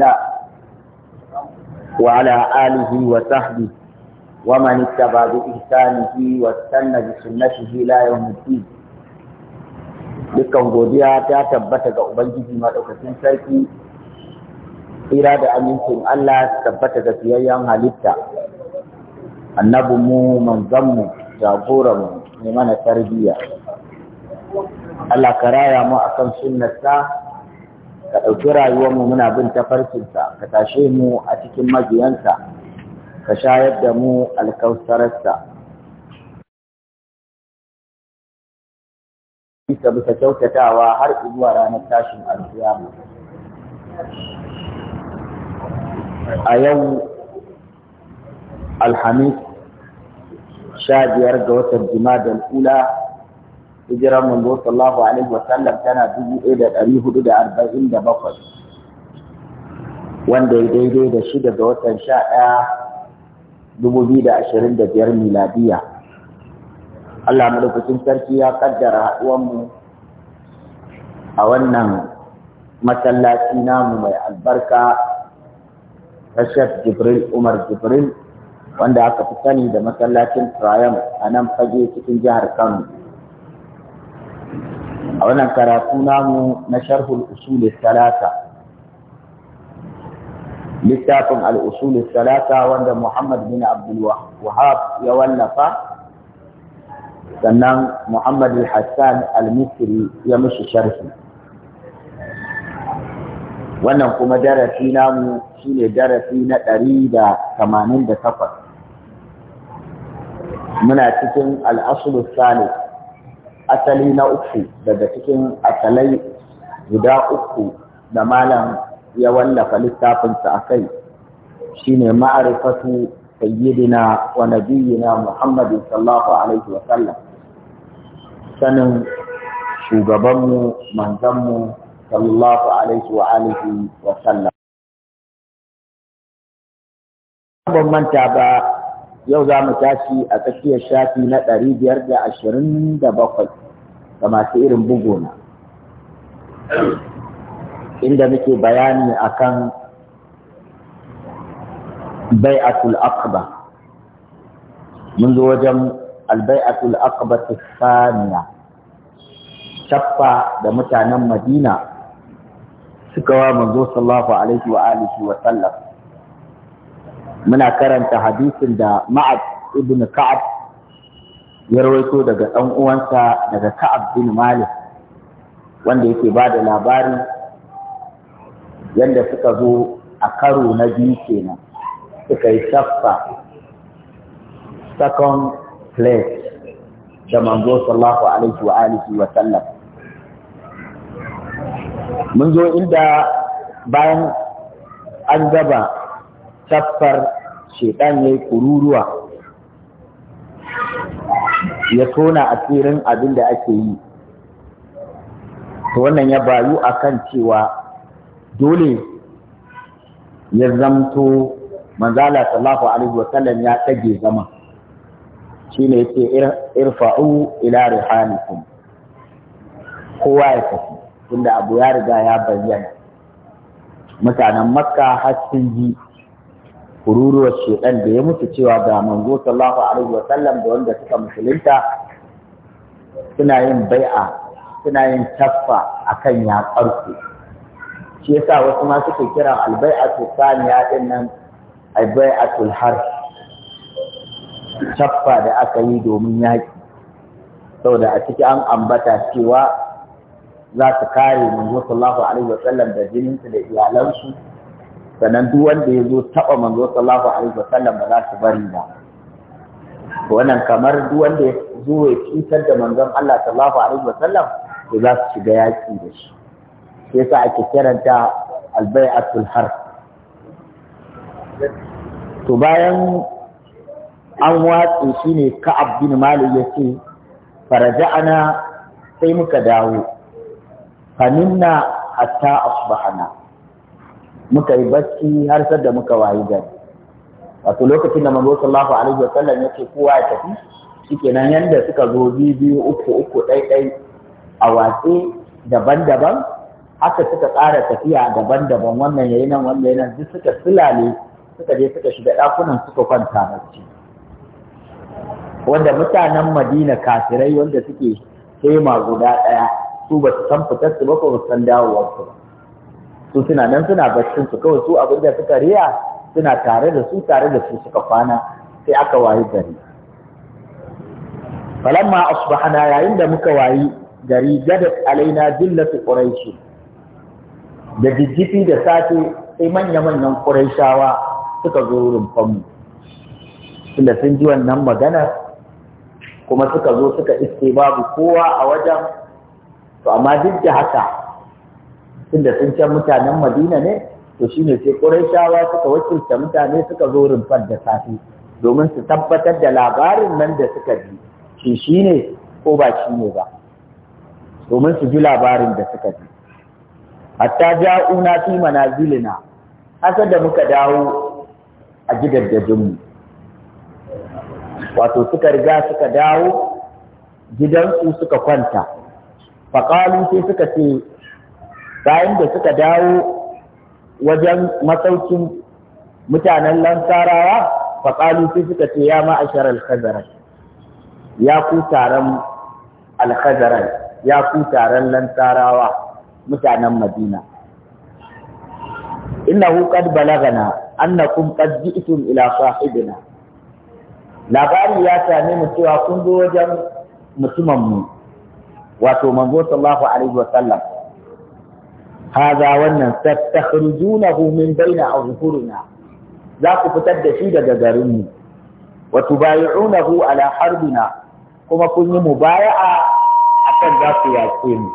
لا وعلى آله وصحبه ومن اتبع بإحسانه واستنى بسنته لا يوم الدين dukkan godiya ta tabbata ga Ubangiji maɗaukacin sarki tsira da amincin Allah tabbata ga fiyayyen halitta mu manzanmu jagoranmu mai mana tarbiyya Allah ka raya mu akan sunnarsa ka ɗauki rayuwarmu muna bin tafarkinsa ka tashe mu a cikin majiyansa ka shayar da mu alkausararsa bisa bisa kyautatawa har zuwa ranar tashin alkiyama a yau alhamis sha biyar ga watan jima'a ula hijirar manzo sallallahu alaihi wasallam tana dubu ɗaya da ɗari hudu da arba'in da bakwai wanda ya daidai da shi daga watan sha ɗaya dubu biyu da ashirin da biyar miladiya Allah madaukakin sarki ya kaddara haɗuwanmu. a wannan masallaci namu mai albarka Rashad Jibril Umar Jibril wanda aka fi sani da masallacin Triumph a nan fage cikin jihar Kano. a wannan karatu namu na sharhul usul talata littafin al'usul talata wanda Muhammad bin Abdul Wahab ya wallafa sannan Muhammad al-Hassan al-Misri ya mishi sharhi wannan kuma darasi namu shine darasi na ɗari da tamanin da takwas muna cikin al'asulu salis asali na uku daga cikin asalai guda uku da malam ya wallafa littafinsa a kai shine ma'arifatu sayyidina wa nabiyina Muhammadin sallallahu alaihi sanin shugabanmu manzanmu sallallahu alaihi wa alihi ban manta ba yau za mu tashi a tsakiyar shafi na ɗari biyar da ashirin da bakwai ga masu irin bugona inda muke bayani akan bai'atul aqba mun zo wajen albai'atul aqba tsaniya shaffa da mutanen madina suka wa manzo sallallahu alaihi wa alihi wa sallam muna karanta hadisin da ma'ad ibn ka'ab ya rawaito daga ɗan uwansa daga ka'ab bin malik wanda yake ba da labari yadda suka zo a karo na biyu kenan suka yi shaffa second place da manzo alaihi wa alihi wa sallam mun zo inda bayan an gaba shaffar shedan yayi kururuwa ya tona asirin abin da ake yi to wannan ya bayu a kan cewa dole ya zamto manzala sallahu alaihi wa sallam ya tage zama Shi shine yace irfa'u ila rihanikum kowa ya tafi tunda abu ya riga ya bayyana mutanen makka har sun ji kururuwar shekan da ya mutu cewa ga manzo sallallahu alaihi wa sallam da wanda suka musulunta suna yin bai'a suna yin taffa akan yaƙar ku shi yasa wasu ma suke kiran albai'atu saniya din nan albai'atul har taffa da aka yi domin yaƙi saboda a ciki an ambata cewa za su kare manzo sallallahu alaihi wa sallam da jininsu da iyalansu sannan duk wanda ya zo taɓa manzo sallallahu alaihi wa sallam ba za su bari ba wannan kamar duk wanda ya zo ya cutar da manzon Allah sallallahu alaihi wa sallam to za su shiga yaƙi da shi sai sa ake kiranta albai'atul har to bayan an watsi shine ka'ab bin malik yace faraja'ana sai muka dawo faninna hatta asbahana muka yi bacci har sar da muka wayi gari wato lokacin da manzo sallallahu alaihi wasallam ya ce kowa ya tafi shikenan yanda suka zo biyu biyu uku uku ɗai ɗai a watse daban-daban haka suka tsara tafiya daban-daban wannan yayi nan wannan yayi nan suka sulale suka je suka shiga ɗakunan suka kwanta bacci wanda mutanen Madina kafirai wanda suke kema guda ɗaya su ba su san fitar su ba ko san dawowar su ba su suna nan suna baccin su kawai su abin da suka riya suna tare da su tare da su suka kwana sai aka wayi gari falamma asbahana yayin da muka wayi gari gada alaina dillatu quraish da jijjifi da safe sai manya-manyan quraishawa suka zo wurin famu tunda sun ji wannan magana kuma suka zo suka iske babu kowa a wajen to amma duk da haka tunda sun can mutanen madina ne to shi ne sai shawa suka wakilta mutane suka zo rumfar da safe domin su tabbatar da labarin nan da suka ji shi ne ko ba shi ne ba domin su ji labarin da suka ji hatta una fi manazilina haka da muka dawo a gidajenmu wato suka riga suka dawo gidansu suka kwanta faƙalu sai suka ce bayan da suka dawo wajen masaukin mutanen lansarawa faƙalu sai suka ce ya ma'ashar alkhazaran ya ku taron alkhazaran ya ku taron lansarawa mutanen madina innahu qad balagana annakum qad ji'tum ila sahibina labari ya same mu cewa kun zo wajen mutumin mu wato manzo sallallahu alaihi wa sallam haza wannan tattakhrijunahu min baina azhurina za ku fitar da shi daga garinmu wa tubayunahu ala harbina kuma kun yi mubaya'a akan za ku yaƙe mu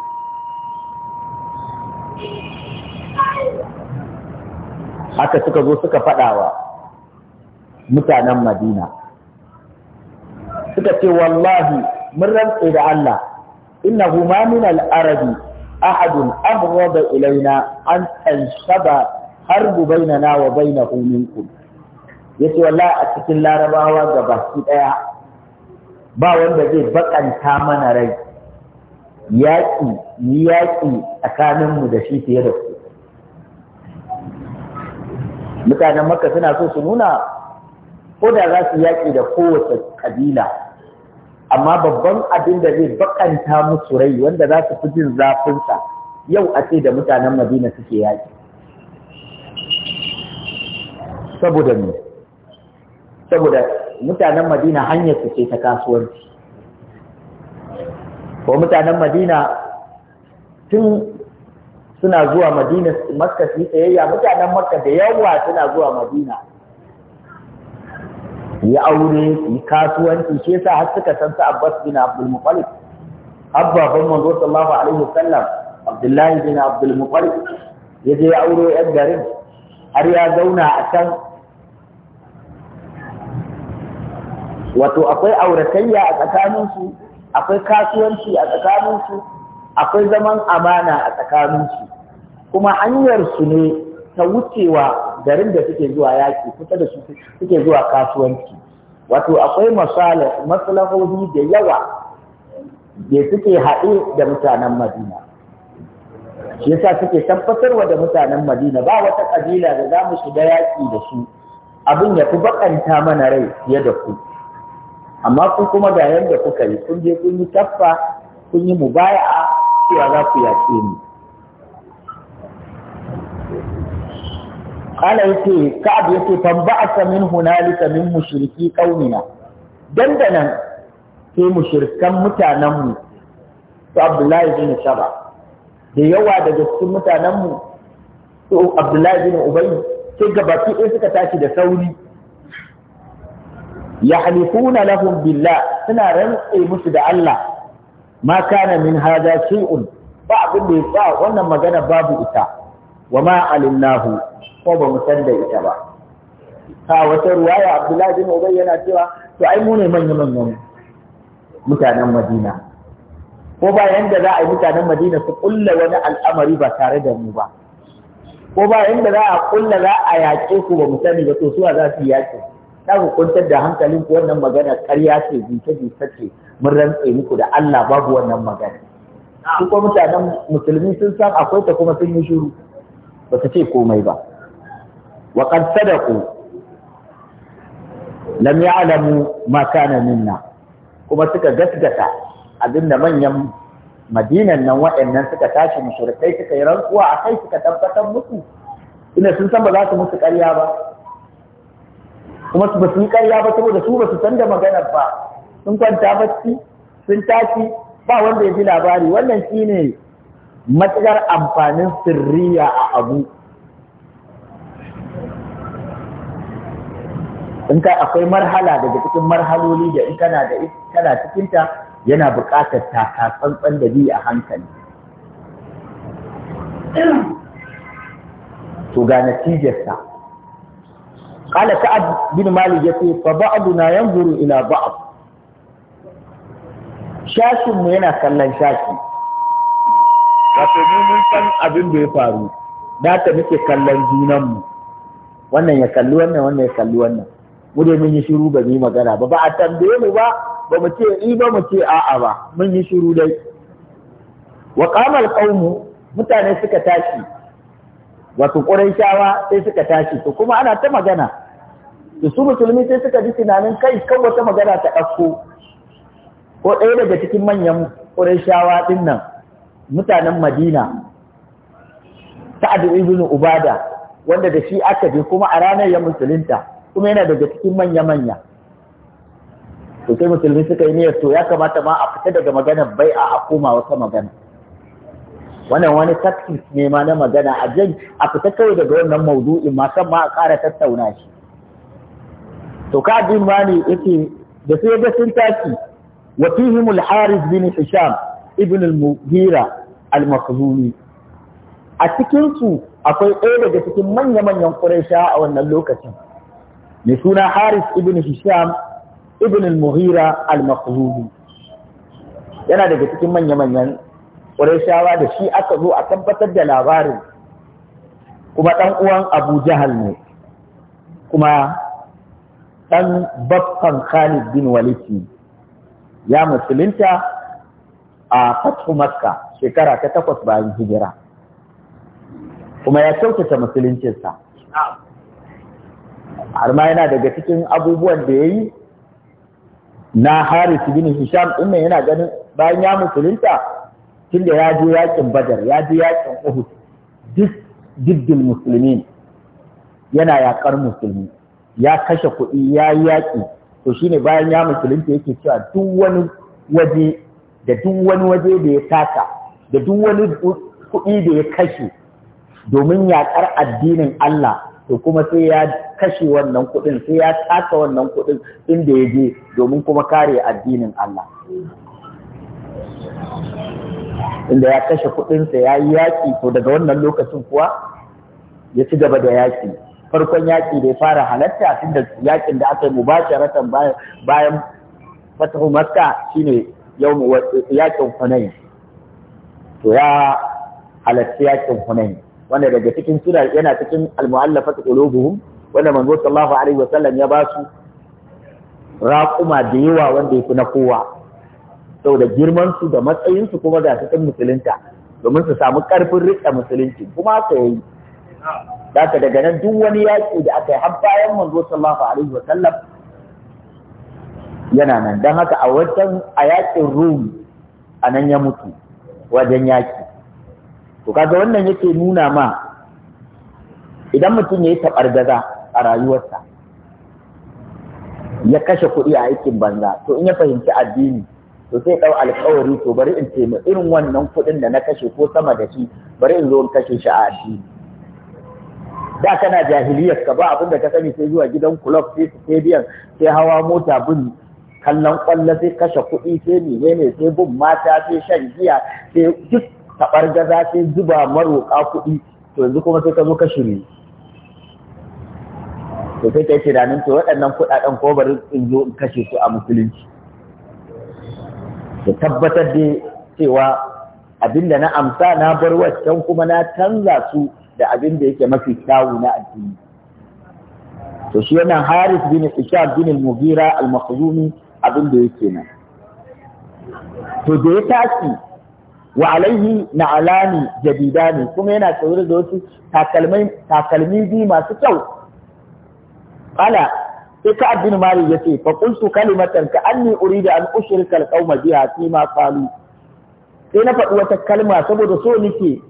haka suka zo suka faɗawa mutanen Madina suka ce wallahi mun rantse da Allah innahu ma min al-arabi ahadun abghada ilaina an tanshaba harbu bainana wa bainahu minkum yace wallahi a cikin larabawa ga baki ɗaya, ba wanda zai bakanta mana rai yaƙi ni yaƙi tsakaninmu da shi fiye da su" mutanen makka suna so su nuna ko da za su yaƙi da kowace ƙabila. amma babban abin da zai bakanta musu rai wanda za su fi jin zafinsa yau a ce da mutanen madina suke yaki saboda ne saboda mutanen madina hanyar su ce ta kasuwanci ko mutanen madina tun suna zuwa madina makka su yi tsayayya mutanen makka da yawa suna zuwa madina yi aure ni yi kasuwanci shi yasa har suka san sa Abbas bin Abdul Muttalib abba ban manzo sallallahu alaihi wasallam Abdullahi bin Abdul Muttalib ya je ya aure yan garin har ya zauna a can wato akwai auratayya a tsakaninsu akwai kasuwanci a tsakaninsu akwai zaman amana a tsakaninsu kuma hanyar su ne ta wucewa garin da suke zuwa yaki kusa da su suke zuwa kasuwanci wato akwai maslahohi da yawa da suke haɗe da mutanen madina shi yasa suke tabbatarwa da mutanen madina ba wata ƙabila da za mu shiga yaƙi da su abin ya fi bakanta mana rai fiye da ku amma ku kuma ga yadda kuka yi kun je kun yi taffa kun yi mubaya'a cewa za ku yaƙe ni قال يتي كعب يتي فانبعث من هنالك من مشركي قومنا دندنا في مشركان متانم to Abdullahi bin Saba da yawa daga cikin mutanen mu to Abdullahi bin Ubay sai gabaki ɗaya suka tashi da sauri halifuna lahum billah suna rantse musu da Allah ma kana min hada shay'un ba abin da ya sa wannan magana babu ita wa ma alinnahu ko ba mu san da ita ba ka wata ruwaya Abdullahi bin Ubay yana cewa to ai mu ne manya manyan mutanen Madina ko ba yanda za a yi mutanen Madina su kulla wani al'amari ba tare da mu ba ko ba yanda za a kulla za a yaƙe ku ba mu sani ba to suwa za su yaƙe na ku kuntar da hankalin ku wannan magana ƙarya ce jita jita ce mun rantse muku da Allah babu wannan magana su mutanen musulmi sun san akwai ta kuma sun yi shiru ba ta ce komai ba wa qad sadaqu lam ya'lamu ma kana minna kuma suka gaskata abinda manyan madinan nan waɗannan suka tashi mushrikai suka yi rantsuwa a kai suka tabbatar musu ina sun san ba za su musu ba kuma su ba su yi karya ba saboda su ba su san da maganar ba sun kwanta bacci sun tashi ba wanda ya ji labari wannan shine matsayar amfanin sirriya a abu in ka akwai marhala daga cikin marhaloli da in kana da kana cikin ta yana buƙatar taka tsantsan da bi a hankali to ga sa qala sa'ad bin malik yace fa ba'duna yanzuru ila ba'd shashin mu yana kallon shashi wato mu mun san abin da ya faru da ta muke kallon junanmu wannan ya kalli wannan wannan ya kalli wannan mu dai mun yi shiru ba mu magana ba ba a tambaye mu ba ba mu ce ni ba mu ce a'a ba mun yi shiru dai wa qamal qaumu mutane suka tashi wato quraishawa sai suka tashi to kuma ana ta magana to su musulmi sai suka ji tunanin kai kan wata magana ta ɗauko ko ɗaya daga cikin manyan quraishawa din nan mutanen Madina Sa'ad ibn Ubada wanda da shi aka je kuma a ranar ya musulunta kuma yana daga cikin manya-manya to musulmi suka yi niyyar to ya kamata ma a fita daga maganar bai a koma wata magana wannan wani taktis ne ma na magana a jan a fita kai daga wannan maudu'in ma kan ma a ƙara tattauna shi to ka jin ma ne yake da sai ga sun tashi wa fihim haris bin hisham ibn al-mughira al-makhzumi a cikin su akwai ɗaya daga cikin manya-manyan quraisha a wannan lokacin mai suna haris ibn hisham ibn al-muhira al-makhzumi yana daga cikin manya-manyan ƙurashawa da shi aka zo a tabbatar da labarin kuma ɗan uwan abu jahal ne kuma ɗan baffan khalid bin walid ya musulunta a fatu makka shekara ta takwas bayan hijira kuma ya kyautata musuluncinsa har ma yana daga cikin abubuwan da ya yi na haris bin hisham din nan yana ganin bayan ya musulunta tun da ya je yakin badar ya je yakin uhud duk jiddin musulmi yana yakar musulmi ya kashe kuɗi ya yi yaƙi to shine bayan ya musulunta yake cewa duk wani waje da duk wani waje da ya taka da duk wani kuɗi da ya kashe domin yaƙar addinin Allah to kuma sai ya kashe wannan kuɗin sai ya taka wannan kuɗin inda ya je domin kuma kare addinin Allah inda ya kashe kuɗinsa ya yi yaƙi to daga wannan lokacin kuwa ya ci gaba da yaƙi farkon yaƙi da ya fara halatta tun da yaƙin da aka yi mubasharatan bayan fatahu makka shine yaƙin hunayn to ya halarci yaƙin hunayn wanda daga cikin suna yana cikin almu'allafat qulubuhum wanda manzo sallallahu alaihi wasallam ya basu raquma raƙuma da yawa wanda yake na kowa saboda girman su da matsayin su kuma da cikin musulunta domin su samu karfin rika musulunci kuma haka yayi zaka daga nan duk wani yaƙi da aka yi har bayan manzo sallallahu alaihi wasallam yana nan dan haka a wajen a yaƙin rum a ya mutu wajen yaƙi to kaga wannan yake nuna ma idan mutum ya yi taɓargaza a rayuwarsa ya kashe kuɗi a aikin banza to in ya fahimci addini to sai ɗau alkawari to bari in taimi irin wannan kuɗin da na kashe ko sama da shi bari in zo in kashe shi a addini da kana jahiliyar ka ba abin da ka sani sai zuwa gidan club sai stadium sai hawa mota bin kallon kwallo sai kashe kuɗi sai menene sai bin mata sai shan giya sai duk taɓar za sai zuba maroƙa kuɗi to yanzu kuma sai ka zo ka shiri to sai ka yi tunanin to waɗannan kuɗaɗen ko bari in zo in kashe su a musulunci to tabbatar da cewa abinda na amsa na bar waccan kuma na canza su da abin da yake mafi kyawu na addini to shi wannan Haris bin Ishaq bin Mughira al-Makhzumi abin da yake nan to da ya tashi wa alaihi na alani ne kuma yana tsoro da wasu takalmi bi masu kyau ala sai ka mari ya ce fa qultu kalimatan ka anni urida an ushrika alqauma biha fi ma qalu sai na faɗi wata kalma saboda so nike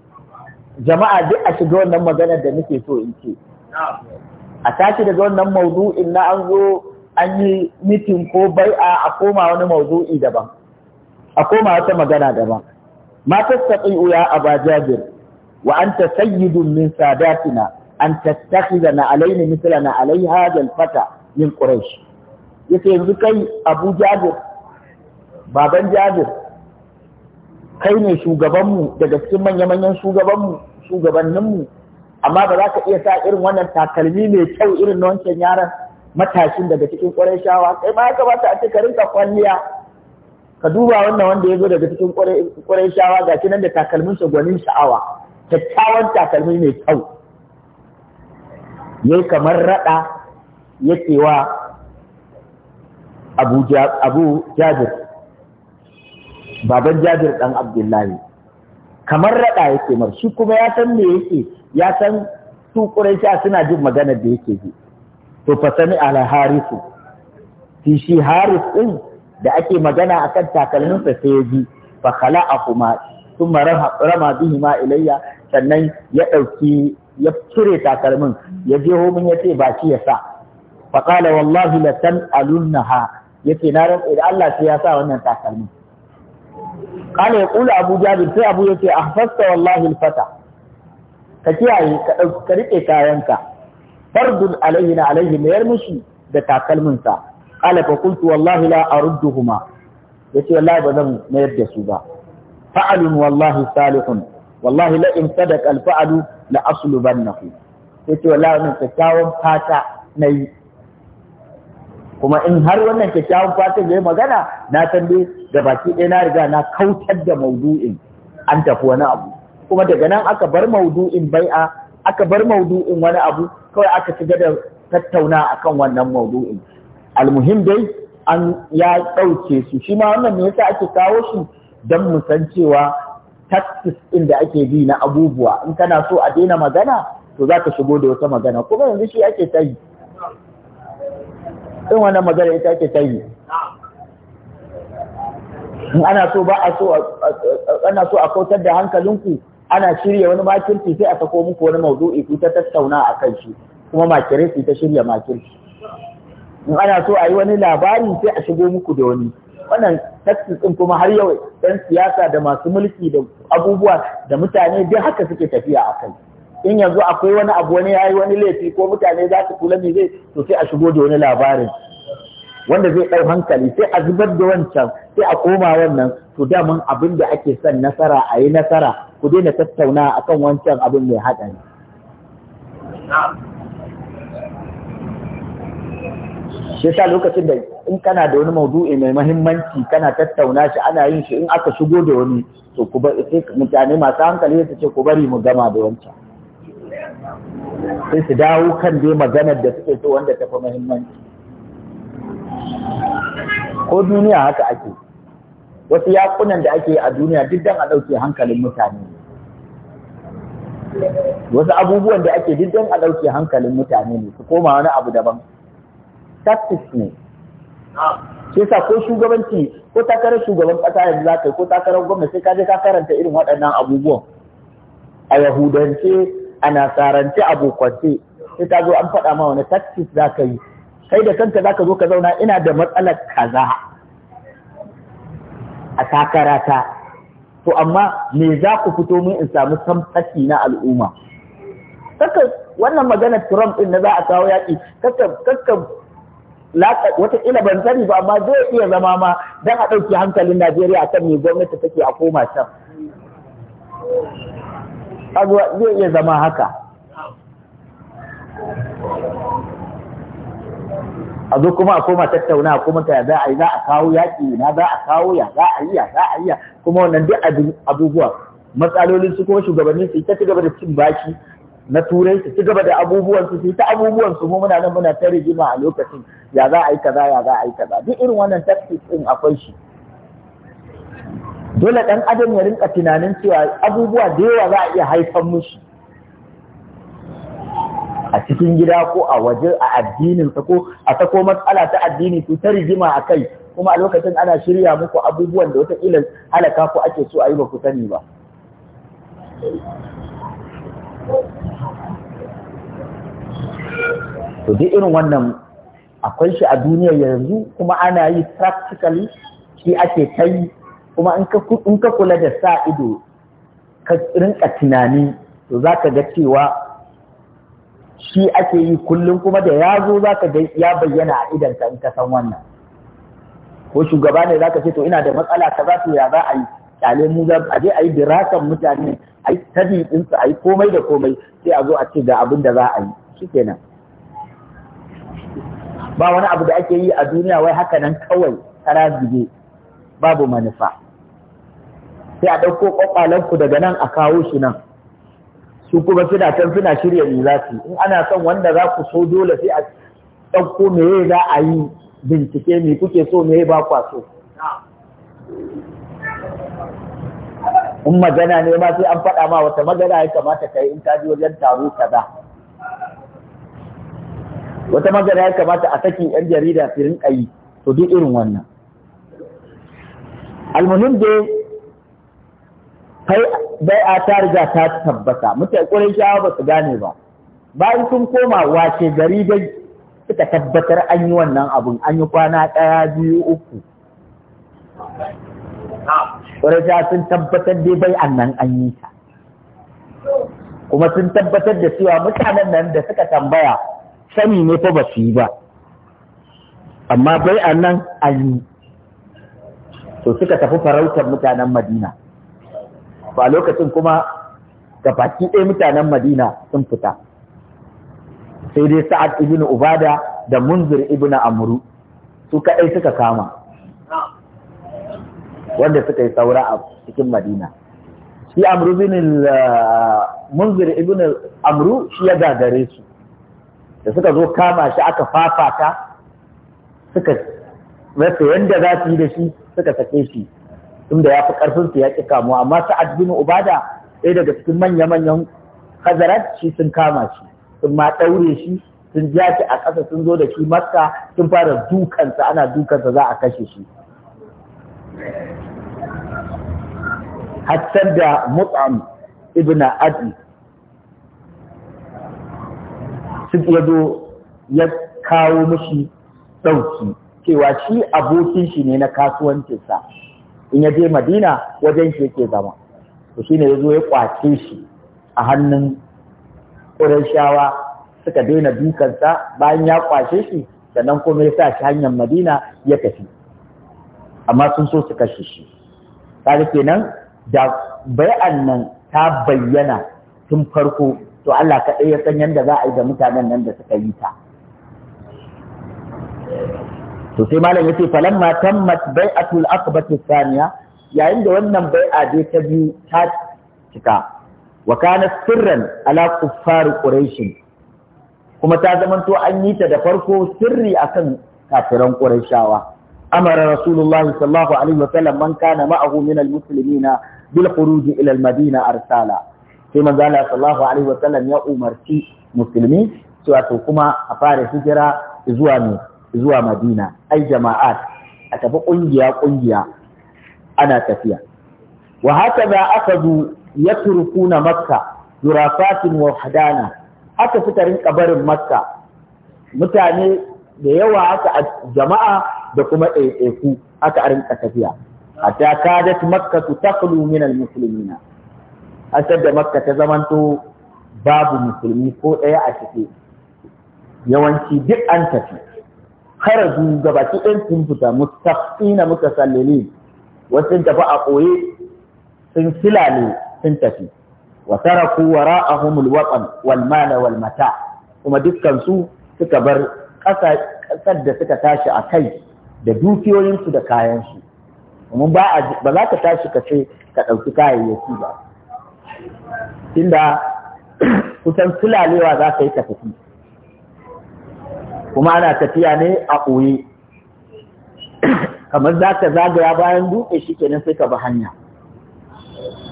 jama'a duk a shiga wannan maganar da nake so in ce a tashi daga wannan maudu'in na an zo an yi mitin ko bai'a a koma wani maudu'i daban a koma wata magana daban ma tastati'u ya aba jabir wa anta sayyidun min sadatina an tattakhidana alaina mithlana alai hadha al-fata min quraish yace yanzu kai abu jabir baban jabir kai ne shugabanmu daga cikin manya-manyan shugabanmu shugabanninmu amma ba za ka iya sa irin wannan takalmi mai kyau irin na wancan yaran matashin daga cikin ƙwarai shawa kai ma ya kamata a ce ka kwalliya ka duba wannan wanda ya zo daga cikin ƙwarai shawa ga nan da takalmin sa gwanin sha'awa kyakkyawan takalmi mai kyau Yai kamar raɗa ya cewa abu jabir baban jabir ɗan abdullahi kamar raɗa ya mar shi kuma ya san me yake ya san su sha suna jin maganar da yake ji to fa sami ala harisu shi shi haris ɗin da ake magana akan takalminsa sai ya ji fa khala'ahuma thumma rama bihima ilayya sannan ya dauki ya cire takalmin ya je homin ya ce ba shi ya sa fa qala wallahi la tan'alunha yace na rantsa idan Allah sai ya sa wannan takalmin qala yaqulu abu jabir sai abu yace ahfazta wallahi al ka kiyaye ka rike kayanka fardun alaihi na alaihi mayar mushi da takalminsa qala fa qultu wallahi la arudduhuma yace wallahi ba zan mayar da su ba fa'alun wallahi salihun wallahi la in sadaqa al fa'alu la aslubannahu yace wallahi wannan kyakkyawan fata nayi kuma in har wannan kyakkyawan fata zai magana na san da baki ɗaya na riga na kautar da maudu'in an tafi wani abu kuma daga nan aka bar maudu'in bai'a aka bar maudu'in wani abu kawai aka shiga da tattauna akan wannan maudu'in almuhim dai an ya ɗauke su shi ma wannan me yasa ake kawo shi don mu san cewa tactics ɗin da ake bi na abubuwa in kana so a daina magana to za ka shigo da wata magana kuma yanzu shi ake yi. in wannan magana ita ake yi in ana so ba a so ana so a kautar da hankalinku ana shirya wani makirci sai a sako muku wani maudu'i ku ta tattauna a kan shi kuma makirci ta shirya makirci in ana so a yi wani labari sai a shigo muku da wani wannan taksi din kuma har yau dan siyasa da masu mulki da abubuwa da mutane duk haka suke tafiya a kai in yanzu akwai wani abu wani yayi wani laifi ko mutane za su kula me zai to sai a shigo da wani labarin wanda zai ɗau hankali sai a zubar da wancan sai a koma wannan to daman abin da ake son nasara a yi nasara ku daina tattauna akan wancan abin mai haɗari shi yasa lokacin da in kana da wani maudu'i mai mahimmanci kana tattauna shi ana yin shi in aka shigo da wani to ku bari sai mutane masu hankali su ce ku bari mu gama da wancan sai su dawo kan dai maganar da suke so wanda ta fi mahimmanci ko duniya haka ake wasu yakunan da ake a duniya duk dan a ɗauke hankalin mutane wasu abubuwan da ake duk dan a ɗauke hankalin mutane ne su koma wani abu daban tactics ne shi yasa ko shugabanci ko takarar shugaban ƙasa yanzu za ka yi ko takarar gwamnati sai ka je ka karanta irin waɗannan abubuwan a yahudance a nasarance a bokance sai ka zo an faɗa ma wani tactics za ka yi kai da kanka za ka zo ka zauna ina da matsalar kaza a takarata to amma me za ku fito mun in samu samfaki na al'umma kaka wannan maganar Trump ɗin na za a kawo yaƙi kaka kaka wataƙila ban sani ba amma zai iya zama ma don a ɗauki hankalin Najeriya akan me gwamnati take a koma can. zai iya zama haka. a zo kuma a koma tattauna kuma ta za a yi za a kawo yaƙi na za a kawo ya za a yi ya za a yi ya kuma wannan duk abubuwa matsalolin su kuma shugabannin su ta gaba da cin baki na turai su ci gaba da abubuwan su ta abubuwan su mu muna nan muna ta rigima a lokacin ya za a yi kaza ya za a yi kaza duk irin wannan tactics din akwai shi dole ɗan adam ya rinka tunanin cewa abubuwa da yawa za a iya haifar mushi a cikin gida ko a waje a addinin ko a sako matsala ta addini su ta rigima a kai kuma a lokacin ana shirya muku abubuwan da wataƙila halaka ko ake so a yi ba ku sani ba to dai irin wannan akwai shi a duniya yanzu kuma ana yi practically shi ake kai kuma in ka kula da sa ido ka rinka tunani to za ka ga cewa shi ake yi kullum kuma da ya zo za ka ga ya bayyana a idan ka in ka san wannan ko shugaba ne za ka ce to ina da matsala ka za to ya za a yi kyale mu za a je a yi dirasan mutane a yi tabi ɗinsu a yi komai da komai sai a zo a ce ga abin da za a yi kenan. ba wani abu da ake yi a duniya wai haka nan kawai tara zube babu manufa sai a ɗauko ku daga nan a kawo shi nan su kuma suna can suna shirya me za su in ana son wanda za ku so dole sai a ɗauko meye za a yi bincike me kuke so me ba kwa so in magana ne ma sai an faɗa ma wata magana ya kamata ka yi in ka ji wajen taro kaza wata magana ya kamata a saki yan jarida su rinka yi to duk irin wannan almuhim dai kai a ta riga ta tabbata mutai kurai shawa ba su gane ba bayan sun koma wace gari dai suka tabbatar an yi wannan abun an yi kwana ɗaya biyu uku ƙurai sun tabbatar dai bai annan an yi ta kuma sun tabbatar da cewa mutanen nan da suka tambaya sani ne fa ba su yi ba amma bai a nan a yi to suka tafi farautar mutanen madina ba lokacin kuma ga baki ɗaya mutanen madina sun fita sai dai sa'ad ibn ubada da munzir ibn amru su kaɗai suka kama wanda suka yi saura a cikin madina shi amru bin eh, munzir ibn amru shi ya gagare su da suka zo kama shi aka fafata suka rasa yadda za su yi da shi suka sake shi da ya fi karfin su ya ƙi kamo amma sa'ad uba ubada ɗaya daga cikin manya-manyan hazarat shi sun kama shi sun ma ɗaure shi sun ja shi a ƙasa sun zo da shi makka sun fara dukansa ana dukansa za a kashe shi hatta da mut'am ibn adi ya zo ya kawo mashi ɗauki cewa shi abokin shi ne na kasuwancinsa in ya je madina wajen shi yake zama to shi ne ya zo ya kwace shi a hannun ƙurashawa suka daina dukansa bayan ya kwace shi sannan kuma ya sa shi hanyar madina ya tafi amma sun so su kashe shi kaga kenan da bai'an nan ta bayyana tun farko to Allah kaɗai ya san yadda za a yi da mutanen nan da suka yi ta to sai malam yace falamma tammat bai'atul aqbatu thaniya yayin da wannan bai'a dai ta biyu ta cika wa kana sirran ala kuffar quraish kuma ta zamanto an yi ta da farko sirri akan kafiran qurayshawa amara rasulullahi sallallahu alaihi wa sallam man kana ma'ahu min almuslimina bil khuruj ila almadina arsala sai manzo Allah sallallahu alaihi wasallam ya umarci musulmi cewa to kuma a fara hijira zuwa ne zuwa Madina ai jama'at a tafi kungiya kungiya ana tafiya wa hakaza akadu yatrukuna makka zurafatin wa hadana aka fita rinka barin makka mutane da yawa aka jama'a da kuma ɗaiɗaiku aka rinka tafiya hatta kadat makka taqlu min al-muslimina asar da makka ta zamanto babu musulmi ko ɗaya a ciki yawanci duk an tafi kharaju baki ɗin sun fita mustaqina mutasallilin wasu tafi a ɓoye sun silale sun tafi wa taraku wara'ahum alwatan wal mal wal mata kuma dukkan su suka bar ƙasar da suka tashi a kai da dukiyoyinsu da kayansu. Mun ba za ka tashi ka ce ka ɗauki kayayyaki ba. inda kusan fulalewa za ka yi tafi kuma ana tafiya ne a ɓoye kamar za ka zagaya bayan dutse shi kenan sai ka bi hanya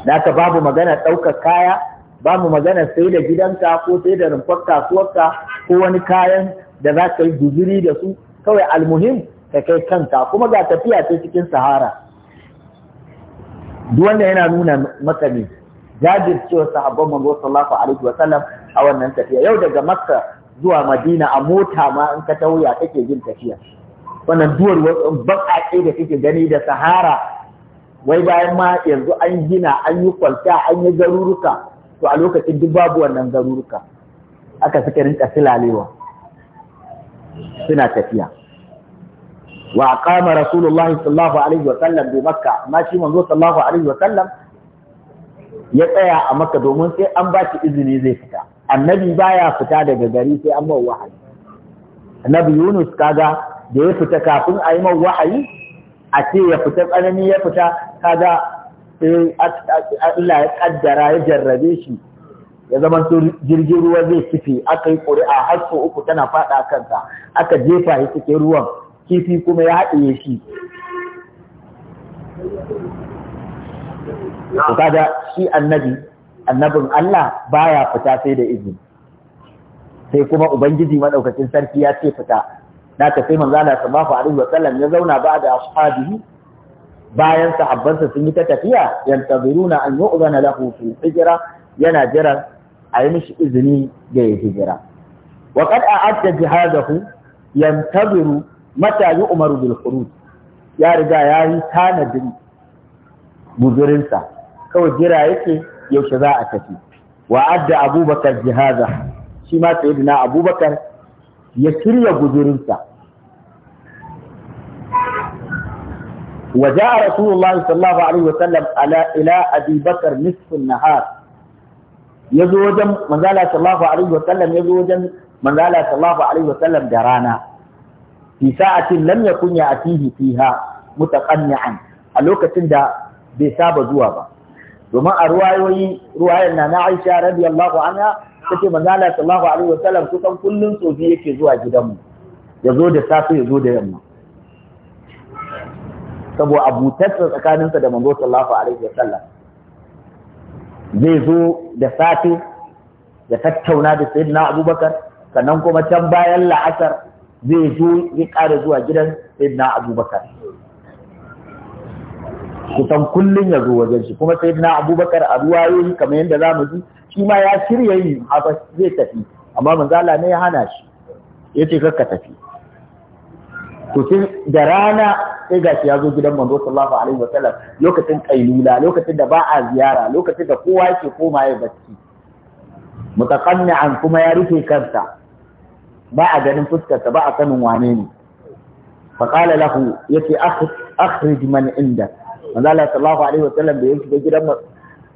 za ka babu magana ɗaukar kaya babu magana sai da gidanka ko sai da rumfar kasuwarka ko wani kayan da za ka yi guziri da su kawai almuhim ka kai kanka kuma ga tafiya ce cikin sahara duk wanda yana nuna maka jajircewa sahabban manzo sallallahu alaihi wasallam a wannan tafiya yau daga makka zuwa madina a mota ma in ka tauya kake jin tafiya wannan duwar baƙaƙe da kake gani da sahara wai bayan ma yanzu an gina an yi kwalta an yi garuruka to a lokacin duk babu wannan garuruka aka suka rinka silalewa suna tafiya wa aqama rasulullahi sallallahu alaihi wa sallam bi makka ma shi manzo sallallahu alaihi wa sallam ya tsaya a maka domin sai an ba shi izini zai fita annabi baya fita daga gari sai an mawa wahayi annabi yunus kaga da ya fita kafin a yi man wahayi a ce ya fita tsanani ya fita kaga Allah ya kaddara ya jarrabe shi ya zama jirgin ruwa zai kife aka yi ƙuri'a har sau uku tana faɗa kansa aka jefa shi cikin ruwan kifi kuma ya haɗiye shi to kaga shi annabi annabin Allah baya fita sai da izini sai kuma ubangiji madaukakin sarki ya ce fita na ka sai manzo Allah sallallahu alaihi wa sallam ya zauna ba da ashabihi bayan sahabbansa sun yi ta tafiya yantaziruna an yu'zana lahu fi hijra yana jiran a yi mishi izini da ya hijira wa qad a'adda jihadahu yantaziru mata yu'maru bil khuruj ya riga ya yi tanadin guzurinsa kawai jira yake yaushe za a tafi wa adda abubakar jihaza shi ma sayyidina abubakar ya shirya gudurinsa. wa ja'a rasulullahi sallallahu alaihi wasallam ala ila abi bakar nisfun nahar yazo wajen manzala sallallahu alaihi wasallam yazo wajen manzala sallallahu alaihi wasallam da rana fi sa'atin lam yakun ya'tihi fiha mutaqanni'an a lokacin da bai saba zuwa ba domin a ruwayoyi ruwayen na na Aisha radiyallahu anha ta ce Allah sallallahu alaihi wasallam kusan kullun tsofi yake zuwa gidanmu ya zo da safe ya zo da yamma saboda abutarsa tsakaninsa da manzo sallallahu alaihi wasallam zai zo da safe ya tattauna da sayyidina Abubakar sannan kuma can bayan la'asar zai zo ya kare zuwa gidan sayyidina Abubakar kusan kullum ya zo wajen shi kuma sai na abubakar a ruwayoyi kamar yadda za mu ji shi ma ya shirya yi haka zai tafi amma manzala ne ya hana shi ya ce kakka tafi to da rana sai ga ya zo gidan manzo sallallahu alaihi wa sallam lokacin kailula lokacin da ba a ziyara lokacin da kowa yake koma ya bacci mutaqanni'an kuma ya rufe kansa ba a ganin fuskarsa ba a sanin wane ne fa qala lahu yace akhrij man indak manzo sallallahu alaihi wasallam da ya shiga gidan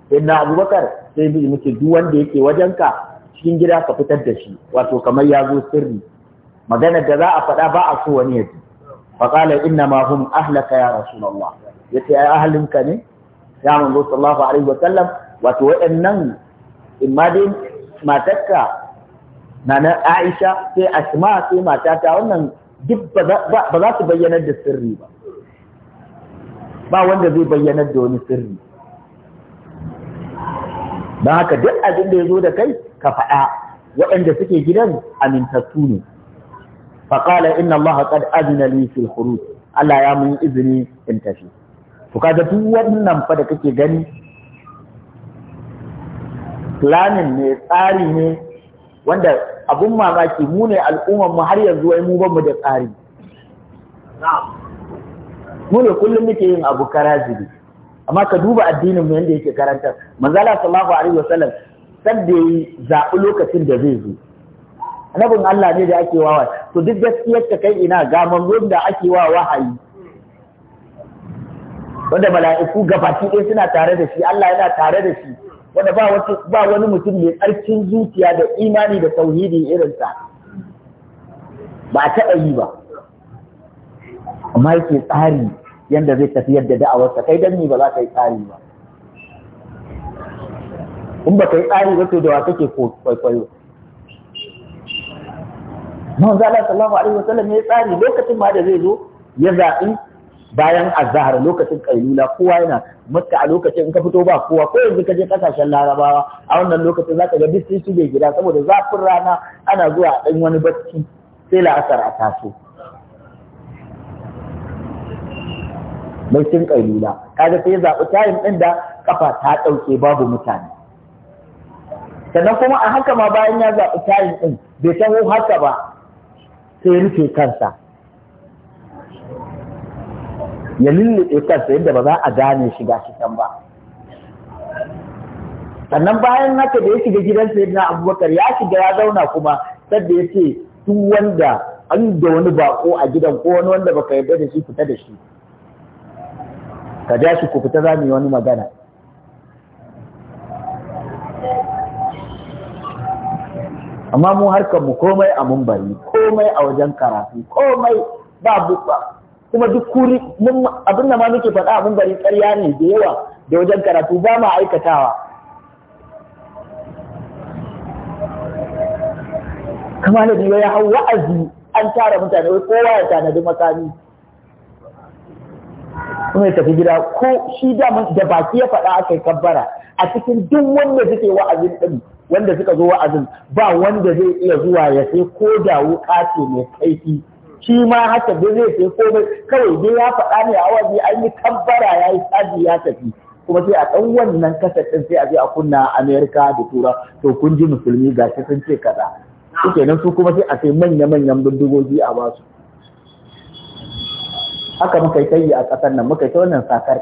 sayyidina Abubakar sai bi muke duk wanda yake wajenka cikin gida ka fitar da shi wato kamar ya zo sirri maganar da za a faɗa ba a so wani ya ji fa qala inna ma hum ahlaka ya rasulullah yace ai ahlinka ne ya manzo sallallahu alaihi wasallam wato waɗannan imma dai matarka na na Aisha sai Asma sai matata wannan duk ba za su bayyanar da sirri ba ba wanda zai bayyanar da wani sirri ba haka duk abin da ya zo da kai ka faɗa waɗanda suke gidan amintattu ne faƙala inna allaha qad azina li fil khuruj Allah ya mun izini in tafi to kaga duk wannan fa da kake gani planning ne tsari ne wanda abun mamaki mu ne al'ummar mu har yanzu wai mu ban mu da tsari na'am mu ne kullum muke yin abu karazibi amma ka duba addinin mu yanda yake karantar Allah sallallahu alaihi wasallam san da yi zaɓi lokacin da zai zo annabin Allah ne da ake wawa to duk gaskiyar ta kai ina ga manzon da ake wa wahayi wanda mala'iku gabaki ɗaya suna tare da shi Allah yana tare da shi wanda ba wani ba wani mutum mai tsarkin zuciya da imani da tauhidi irinsa. sa ba taɓa yi ba amma yake tsari yanda zai tafiyar da da'awarsa kai dan ni ba za ka yi tsari ba in ba ka yi tsari ba to da wa kake kwaikwayo Manzo Allah sallallahu alaihi wasallam ya tsari lokacin ma da zai zo ya zaɓi bayan azahar lokacin kailula kowa yana makka a lokacin in ka fito ba kowa ko yanzu ka je kasashen larabawa a wannan lokacin za ka ga duk sun shige gida saboda zafin rana ana zuwa a ɗan wani bacci sai la'asar a taso Mai barcin kailula kaga sai ya zaɓi tayin ɗin da kafa ta ɗauke babu mutane sannan kuma a haka ma bayan ya zaɓi tayin ɗin bai taho haka ba sai ya rufe kansa ya lullube kansa yadda ba za a gane shiga cikin ba sannan bayan haka da ya shiga gidan sayyidina abubakar ya shiga ya zauna kuma sadda ya ce duk wanda an da wani bako a gidan ko wani wanda baka yarda da shi fita da shi ka ja shi ku fita za mu yi wani magana amma mu harkar mu komai a mumbari komai a wajen karatu komai ba bukwa kuma duk kuri abin da ma muke faɗa a mumbari ƙarya ne da yawa da wajen karatu ba ma aikatawa kamar da ya hau wa'azi an tara mutane kowa ya tanadi makami kuma ya tafi gida ko shi daman da baki ya faɗa aka yi kabbara a cikin duk wanda suke wa'azin ɗin wanda suka zo wa'azin ba wanda zai iya zuwa ya sai ko da wuka ce mai kaifi shi ma haka da zai sai komai kawai dai ya faɗa ne a waje an yi kabbara ya yi tsaji ya tafi kuma sai a ɗan wannan ɗin sai a je a kunna Amerika da Tura to kun ji musulmi ga shi sun ce kaza. Kuke nan su kuma sai a sai manya-manyan bindigogi a basu. haka muka yi ta yi a ƙasar nan muka yi ta wannan sakar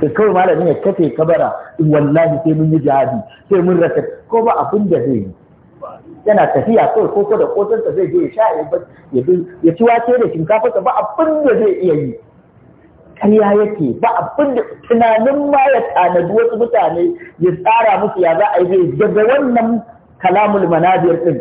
sai kawai malamin ya kafe kabara wallahi sai mun yi jihadi sai mun rasa ko ba abin da zai yi yana tafiya kawai ko da kotarsa zai je ya sha ya ci wace da shinkafa ba abin da zai iya yi ya yake ba abin da tunanin ma ya tanadi wasu mutane ya tsara musu ya za a yi daga wannan kalamul manabiyar din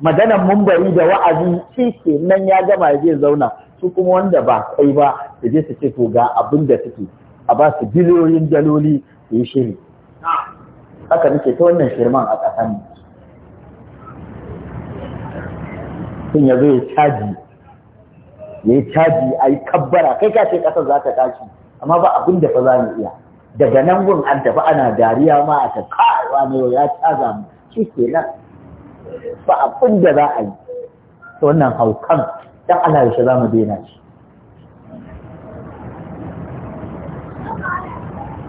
maganan mumbari da wa'azi shi ke nan ya gama ya je zauna su kuma wanda ba kai ba su je su ce to ga abin da suke a ba su biliyoyin daloli su yi shiri haka nake ta wannan shirman a ƙasan sun ya zo ya caji ya yi caji a yi kabbara kai ka ce ƙasar za ta tashi amma ba abin da fa za mu iya daga nan gun an tafi ana dariya ma a ta kawai ne ya caza mu shi ke nan ba abin da za a yi wannan haukan dan Allah ya za mu daina shi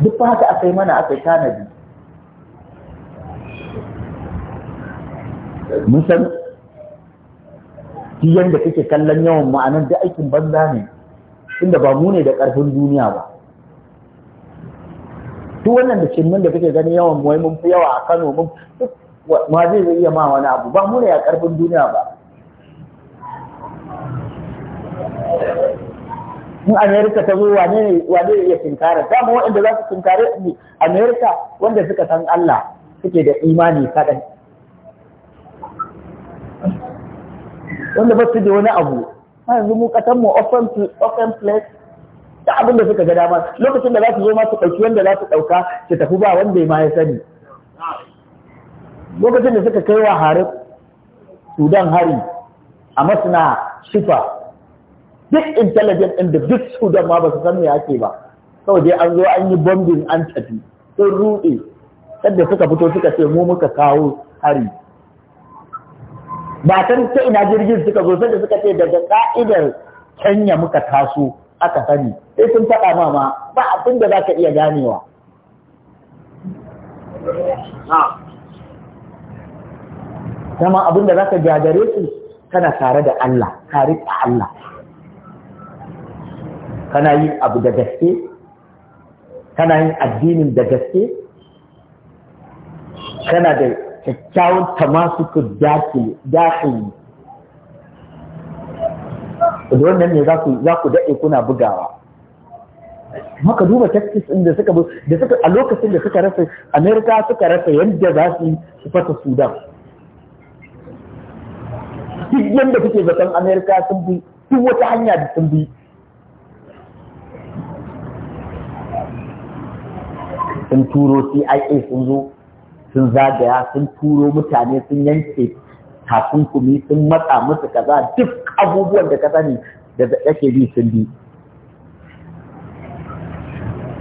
duk ba haka aka yi mana aka yi tanadi mun san shi yadda kake kallon yawan ma'anar da aikin banza ne inda ba mu ne da ƙarfin duniya ba duk wannan da cimmin da kake gani yawan mu mun fi yawa a Kano mun duk ma zai zai iya ma wani abu ba mu ne a duniya ba in amerika ta zo wane ne wane ne ya tinkara dama waɗanda za su ne amerika wanda suka san allah suke da imani kaɗan wanda ba su da wani abu ma yanzu mu ƙasar mu open place da abin da suka ga dama lokacin da za su zo ma su ɗauki wanda za su ɗauka su tafi ba wanda ma ya sani lokacin da suka kai wa harif sudan hari a masana shifa duk intelligent in the big sudan ma ba su san me ake ba kawai dai an zo an yi bombing an tafi sun ruɗe sadda suka fito suka ce mu muka kawo hari ba san ta ina jirgin suka zo sadda suka ce daga ka'idar kenya muka taso aka sani sai sun faɗa ma ma ba abin da za ka iya ganewa Zama abin da ka jagare su kana tare da Allah tare riƙa Allah kana yin abu da gaske kana yin addinin da gaske kana da kyakkyawan tamasuku dakili da wannan ne za ku daɗe kuna bugawa maka duba texas da suka da suka a lokacin da suka rasa amerika suka rasa yadda za su yi su fata sudan duk yadda kuke zaton amerika sun bi duk wata hanya da sun bi sun turo cia sun zo sun zagaya sun turo mutane sun yanke takunkumi sun matsa musu kaza duk abubuwan da ka sani da yake bi sun bi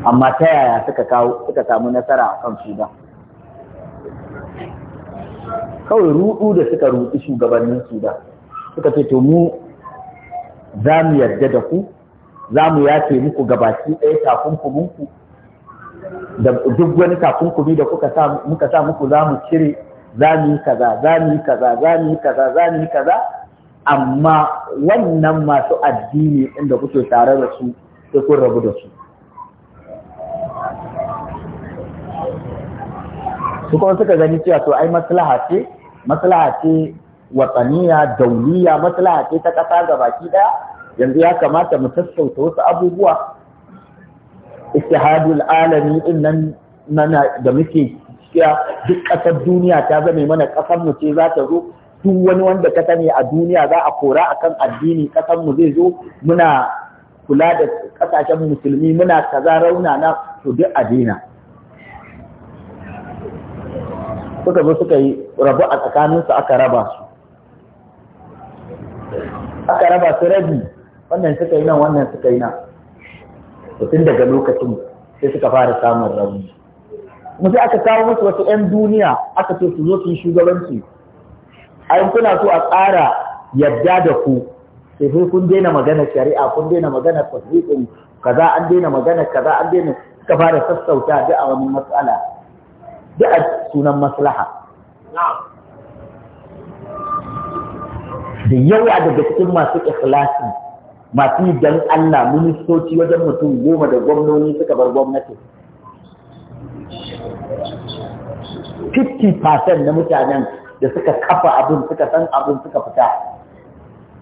amma ta yaya suka samu nasara a kan sudan kawai rudu da suka rudu shugabannin sudan suka ce to mu za mu yarda da ku za mu yace muku gabaki ɗaya takunkuminku da duk wani takunkumi da kuka muka sa muku za mu cire za mu yi kaza za mu yi kaza za mu yi kaza za mu yi kaza amma wannan masu addini inda kuke tare da su sai kun rabu da su su kuma suka gani cewa to ai maslaha ce maslaha ce watsaniya dauliya maslaha ce ta ƙasa ga baki ɗaya yanzu ya kamata mu sassauta wasu abubuwa istihadul alami din nan da muke cikiya duk ƙasar duniya ta zame mana ƙasar mu ce za ta zo duk wani wanda ka sani a duniya za a kora akan addini kasar mu zai zo muna kula da ƙasashen musulmi muna kaza rauna na to duk a suka zo suka yi rabu a tsakaninsu aka raba su aka raba su rabi wannan suka yi nan wannan suka yi nan tun daga lokacin sai suka fara samun rauni kuma sai aka kawo musu wasu 'yan duniya aka ce su zo su yi shugabanci ai kuna so a tsara yadda da ku sai sai kun daina magana shari'a kun daina magana tasdiqin kaza an daina magana kaza an daina suka fara sassauta da a wani matsala da a sunan maslaha da yawa daga cikin masu ikhlasi masu yi dan Allah ministoci wajen mutum goma da gwamnoni suka bar gwamnati 50% na mutanen da suka kafa abin suka san abin suka fita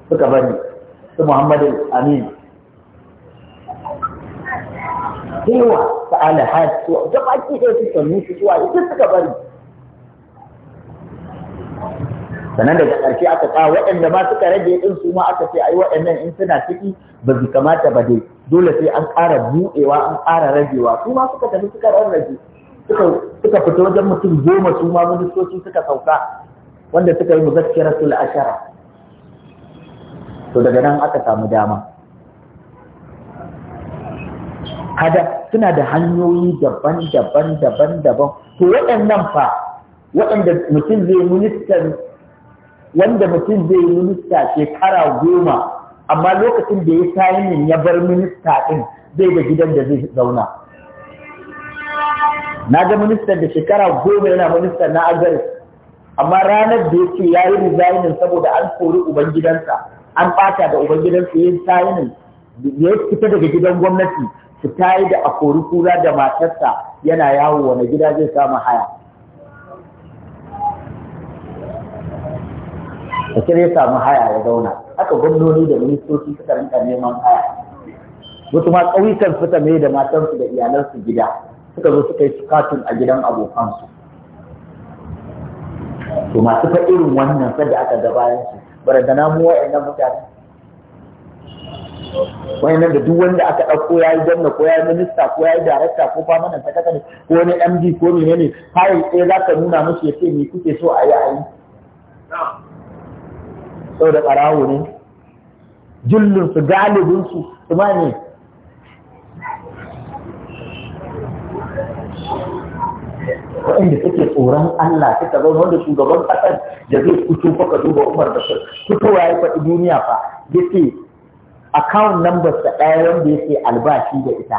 suka bari su Muhammadu Aminu yawa ta alhaj su da baki da su sannu su zuwa ita suka bari sannan daga ƙarshe aka kawo waɗanda ma suka rage ɗin su ma aka ce ai waɗannan in suna ciki ba su kamata ba dai dole sai an ƙara buɗewa an ƙara ragewa su ma suka tafi suka rarrage suka fita wajen mutum goma su ma ministoci suka sauka wanda suka yi muzakkiratul ashara to daga nan aka samu dama kada suna da hanyoyi daban-daban daban-daban to waɗannan fa waɗanda mutum zai minista, wanda mutum zai minista shekara goma amma lokacin da ya yin ya bar minista ɗin zai da gidan da zai zauna na ga ministan da shekara goma yana ministan na agaris amma ranar da ya ce ya yi rizayinin, saboda an kori ubangidansa an ɓata da ubangidansa ya yi sayinin ya fita daga gidan gwamnati fita yi da akori kura da matarsa yana yawo wani gida zai samu haya da ya samu haya ya zauna aka gwamnoni da ministoci suka rinka neman haya wasu ma ƙauyukan suka mai da matansu da iyalansu gida suka zo suka yi sukatun a gidan abokansu to masu fa irin wannan sadda aka gabayansu, su barandana mu wa'annan mutane Wani nan da duk wanda aka ɗauko ya yi gwamna ko ya yi minista ko ya yi darakta ko famanan ne, ko wani md ko ne. fayil ɗaya za ka nuna mashi ya ce me kuke so a yi a yi sau da ɓarawo ne jullinsu galibinsu su ma ne waɗanda suke tsoron Allah suka zo wanda shugaban ƙasar da zai fito fa ka duba Umar Bashir fitowa ya faɗi duniya fa yace account number sa ɗaya wanda yake albashi da ita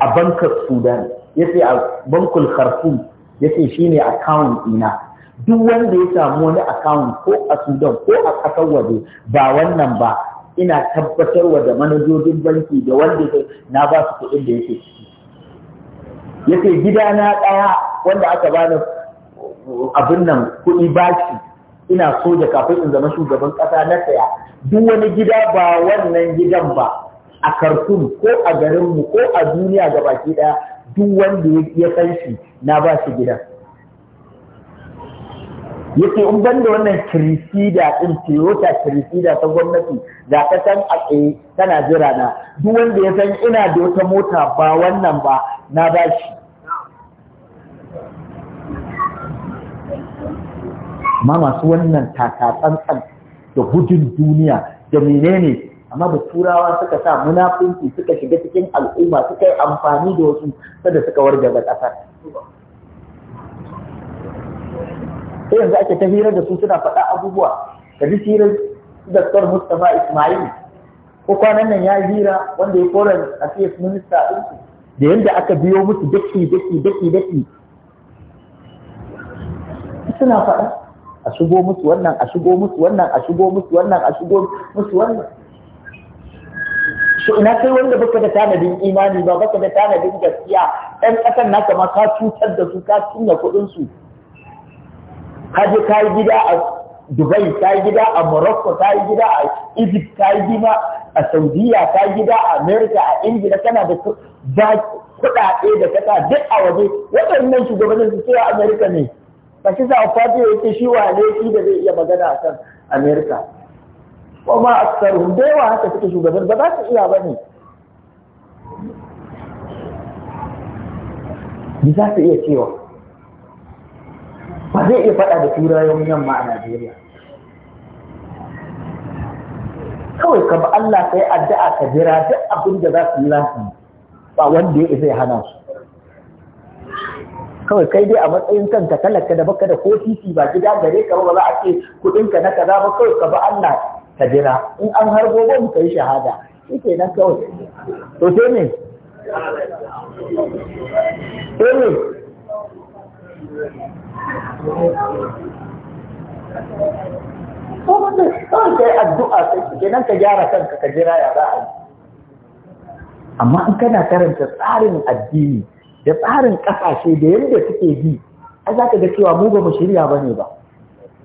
a bankar sudan yace a bankul khartoum yace shine account ɗina duk wanda ya samu wani account ko a sudan ko a ƙasar waje ba wannan ba ina tabbatarwa da manajojin banki da wanda na ba su kuɗin da yake ciki gida na ɗaya wanda aka bani abin nan kuɗi bashi ina soja kafin in zama shugaban ƙasa na saya duk wani gida ba wannan gidan ba a kartun ko a garinmu ko a duniya ga baki ɗaya duk wanda ya san shi na ba shi gidan. Yake in ban da wannan kirisida ɗin Toyota kirisida ta gwamnati da ta san a tsaye tana jira na duk wanda ya san ina da wata mota ba wannan ba na ba shi. amma masu wannan takatsantsan da gudun duniya da ne. amma da turawa suka sa munafunci suka shiga cikin al'umma suka yi amfani da wasu sada suka warga da ƙasa sai yanzu ake ta hirar da su suna faɗa abubuwa da duk hirar Dr. Mustapha Ismail ko kwanan nan ya hira wanda ya kora a CS minista ɗinsu da yadda aka biyo musu daki daki daki daki suna faɗa a shigo musu wannan a shigo musu wannan a shigo musu wannan a shigo musu wannan so ina kai wanda baka da tanadin imani ba baka da tanadin gaskiya ɗan ƙasar naka ma ka cutar da su ka cinye kuɗin su ka je ka yi gida a Dubai ka yi gida a Morocco ka yi gida a Egypt ka yi gida a Saudiya ka yi gida a America a Ingila kana da kuɗaɗe da kasa duk a waje waɗannan shugabannin su a America ne ba za a fadi yake shi wa laifi da zai iya magana a kan amerika ko ma aksarhum da yawa haka suke shugaban ba za su iya ba ne ba za su iya cewa ba zai iya faɗa da turayen yamma a najeriya kawai ka ba Allah ka yi addu'a ka jira duk abin da za su yi lafi ba wanda ya zai hana su kawai kai dai a matsayin kanka talaka da baka da ko titi ba gida gare ka ba za a ce kudin ka na kaza ba kawai ka ba Allah ka jira in an harbo gobe mu kai shahada shike nan kawai to sai me sai me kawai kai addu'a sai ke nan ka gyara kanka ka jira ya za a yi amma in kana karanta tsarin addini da tsarin ƙasashe da yadda suke bi a za ka ga cewa mu ba mu shirya ba ne ba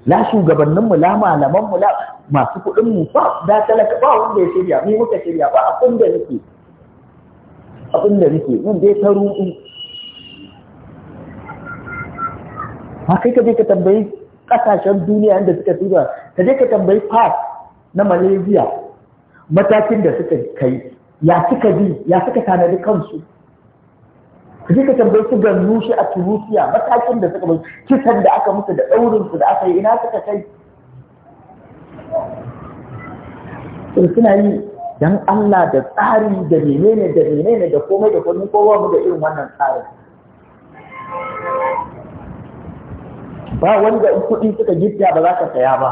la shugabanninmu la malamanmu la masu kuɗinmu ba da talaka ba wanda ya shirya mu muka shirya ba abin da nake abin da nake mun dai ta ruɗu ma kai ka je ka tambayi ƙasashen duniya inda suka tura ka je ka tambayi fas na malaysia matakin da suka kai ya suka bi ya suka tanadi kansu ku je ka tambayi su ga rushe a Tunisia matakin da suka bai kisan da aka musu da ɗaurin su da aka yi ina suka kai in suna yi dan Allah da tsari da menene da menene da komai da komai kowa mu da irin wannan tsarin ba wanda in kuɗi suka gidda ba za ka saya ba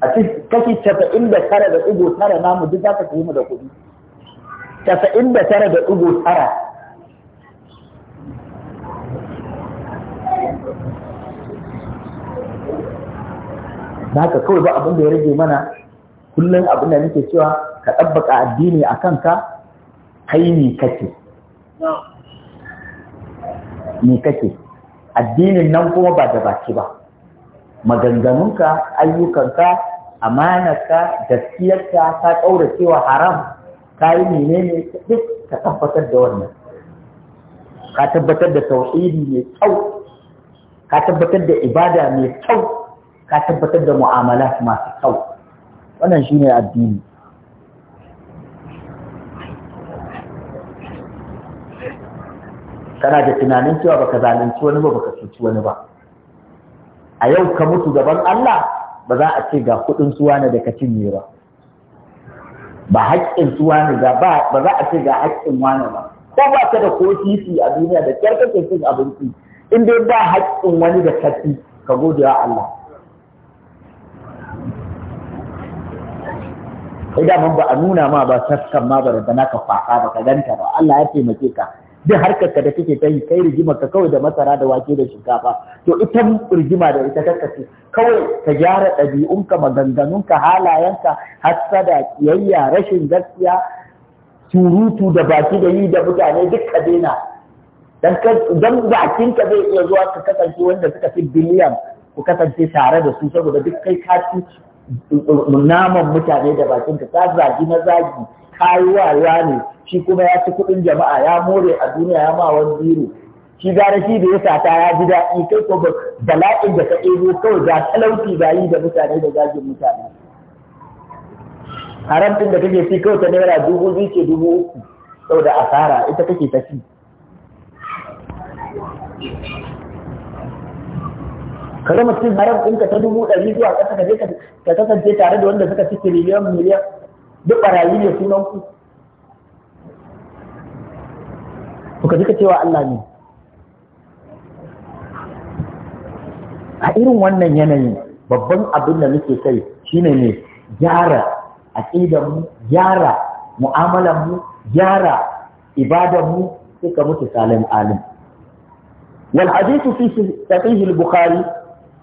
a cikin kashi casa'in da tara da ɗigo tara namu duk za ka sayi mu da kuɗi casa'in da tara da ɗigo tara Na haka kawai ba abin da ya rage mana kullum abin da nake cewa ka ɗabbaka addini a kanka kai ni kake ne kake addinin nan kuma ba da baki ba maganganunka ayyukanka amanarka gaskiyarka ka ƙaura cewa haram ka yi menene duk ka tabbatar da wannan ka tabbatar da tauhidi mai kyau ka tabbatar da ibada mai kyau ka tabbatar da mu'amala masu kyau wannan shi ne addini kana da tunanin cewa baka zalunci wani ba baka cuci wani ba a yau ka mutu gaban Allah ba za a ce ga kudin suwa ne da ka cinye ba ba haƙƙin suwa ne ga ba ba za a ce ga haƙƙin wani ba ko ba ka da ko a duniya da kyar kake cin abinci in dai ba haƙƙin wani da kaci ka gode wa Allah sai da ba a nuna ma ba saskan ma ba da naka kwaka ba ka ganta ba Allah ya taimake ka duk harkar ka da kake kai kai rigima ka kawai da masara da wake da shinkafa to ita rigima da ita kace kawai ka gyara ɗabi'unka maganganunka halayenka hassada kiyayya rashin gaskiya turutu, da baki da yi da mutane duk ka daina dan bakinka zai iya zuwa ka kasance wanda suka fi biliyan ku kasance tare da su saboda duk kai ka naman mutane da bakin ka ka zagi na zagi ka yi wayewa ne shi kuma ya ci kuɗin jama'a ya more a duniya ya ma wani biro shi gara shi da ya sata ya ji daɗi kai ko bala'in da ka ɗebo kawai ga talauci ga yi da mutane da zagin mutane haramtin da kake fi kawai ta naira dubu biyu ce dubu uku saboda asara ita kake ta ka zama cin haram ɗinka ta dubu ɗari zuwa ƙasa ka je ka ka kasance tare da wanda suka fi miliyan miliyan duk barayi ne sunan ku ku ka jika cewa Allah ne a irin wannan yanayi babban abin da muke kai shine ne gyara a mu gyara mu'amalar mu gyara ibadar mu sai ka mutu salim alim wal hadithu fi sahih al-bukhari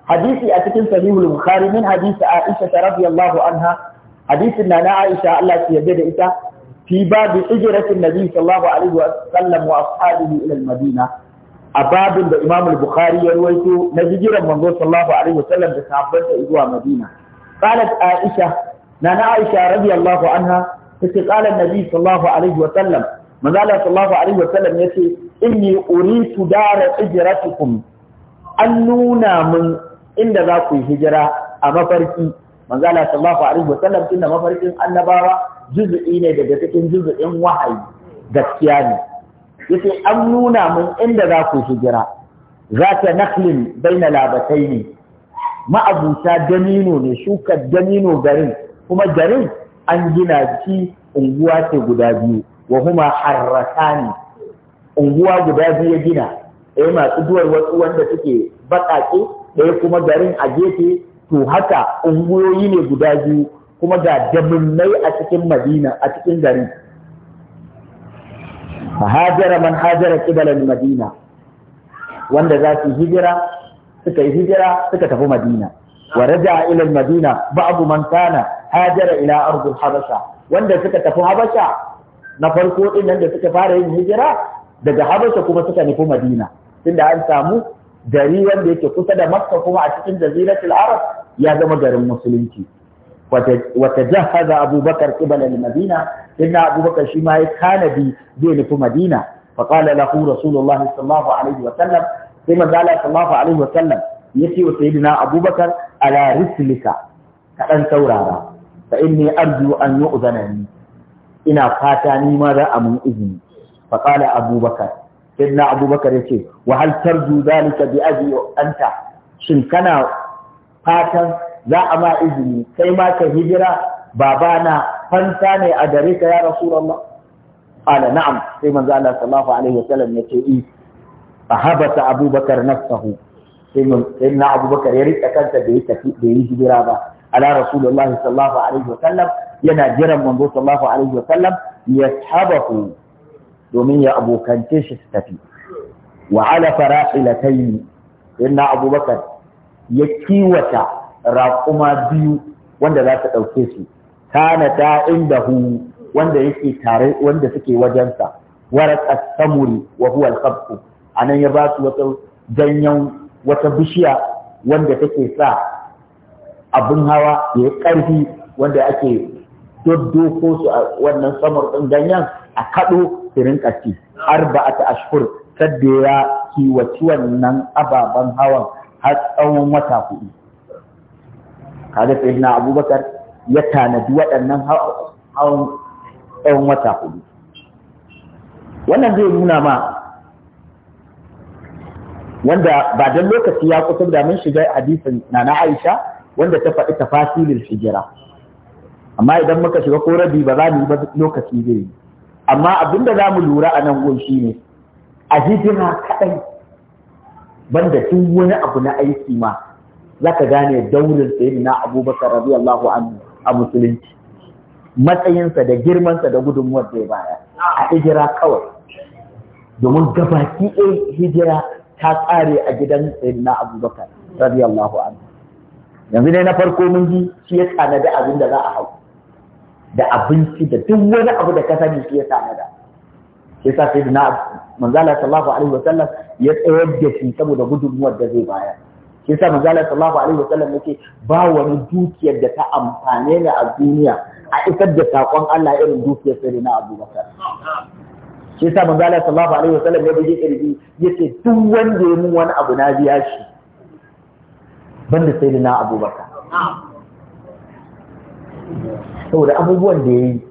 حديثي أتكن صحيح البخاري من حديث عائشة رضي الله عنها حديث أن عائشة الله سيجد إيسا في باب إجرة النبي صلى الله عليه وسلم وأصحابه إلى المدينة أباب الإمام البخاري يرويته نججرا من صلى الله عليه وسلم بسعبته إجوى مدينة قالت عائشة نانا عائشة رضي الله عنها فقال النبي صلى الله عليه وسلم من قال صلى الله عليه وسلم يسي إني أريد دار إجرتكم أنونا من inda za ku yi hijira a mafarki manzo Allah sallallahu alaihi wasallam tunda mafarkin annabawa juz'i ne daga cikin juz'in wahayi gaskiya ne yace an nuna mun inda za ku hijira zata naklin baina labataini ma'abuta damino ne shukar damino garin kuma garin an gina shi unguwa ce guda biyu wa huma harrasani unguwa guda biyu ya gina eh masu duwar wasu wanda suke baƙaƙe ɗaya kuma garin a gefe to haka unguwoyi ne guda biyu kuma ga dabinnai a cikin madina a cikin hajara man hajara kibalan madina wanda za su hijira suka yi hijira suka tafi madina wa raja ila madina ba'du man kana hajara ila ardul habasha wanda suka tafi habasha na farko din nan da suka fara yin hijira daga habasha kuma suka nufi madina tunda an samu gari wanda yake kusa da makka kuma a cikin jaziratul arab ya zama garin musulunci wata jahaza abubakar qibala al-madina inna abubakar shi ma ya tanadi zai nufi madina fa qala lahu rasulullahi sallallahu alaihi wa sallam sai manzo Allah sallallahu alaihi wa sallam yace wa sayyidina abubakar ala rislika ka dan saurara fa inni arju an yu'zana ina fata ni ma za a mun izini fa qala abubakar inna abubakar ya ce wa hal tarju zalika bi abi anta shin kana fatan za a ma izini kai ma ka hijira babana fanta ne a gare ka ya rasulullah qala na'am sai manzo Allah sallallahu alaihi wasallam ya ce i fahabata abubakar nafsahu sai na abubakar ya rika kanta da ya da yi hijira ba ala rasulullahi sallallahu alaihi wa sallam yana jiran manzo sallallahu alaihi wasallam ya tabahu domin ya abokance shi su tafi wa ala fara'ilatayn inna abubakar ya kiwata raƙuma biyu wanda za ta ɗauke su kana ta inda hu wanda yake tare wanda suke wajensa warat samuri wa huwa al-khabq anan ya ba su wata ganyen wata bishiya wanda take sa abin hawa ya ƙarfi wanda ake doddoko su a wannan samur ɗin ganyen a kaɗo ƙarfi rinka ci ta ashirin sadda ya kiwaci wannan ababen hawan har tsawon wata kuɗi Kada sai na abubakar ya tanadi waɗannan hawan tsawon wata kuɗi wannan zai nuna ma wanda ba don lokaci ya kusa da mun shiga hadisin na na Aisha wanda ta faɗi tafasilin hijira amma idan muka shiga ko rabi ba za mu yi ba lokaci zai yi amma abin da za mu lura a nan gun shi ne a hijira kaɗai banda duk wani abu na aiki ma za ka gane daurin na abubakar radiyallahu anhu a musulunci matsayinsa da girmansa da gudunmuwar da ya baya a hijira kawai domin gabaki a hijira ta tsare a gidan na abubakar radiyallahu anhu yanzu ne na farko mun ji shi ya tsanadi abin da za a hau da abinci da duk wani abu da ka sani shi ya sa da shi sa sai na manzala sallallahu alaihi wasallam ya tsayar da shi saboda gudunmuwar da zai bayar shi sa manzala sallallahu alaihi wasallam yake ba wani dukiyar da ta amfane ni a duniya a isar da sakon Allah irin dukiyar sai na Abu Bakar shi sa manzala sallallahu alaihi wasallam ya bige ya yace duk wanda ya mun wani abu na biya shi banda sai na Abu Bakar saboda abubuwan da ya yi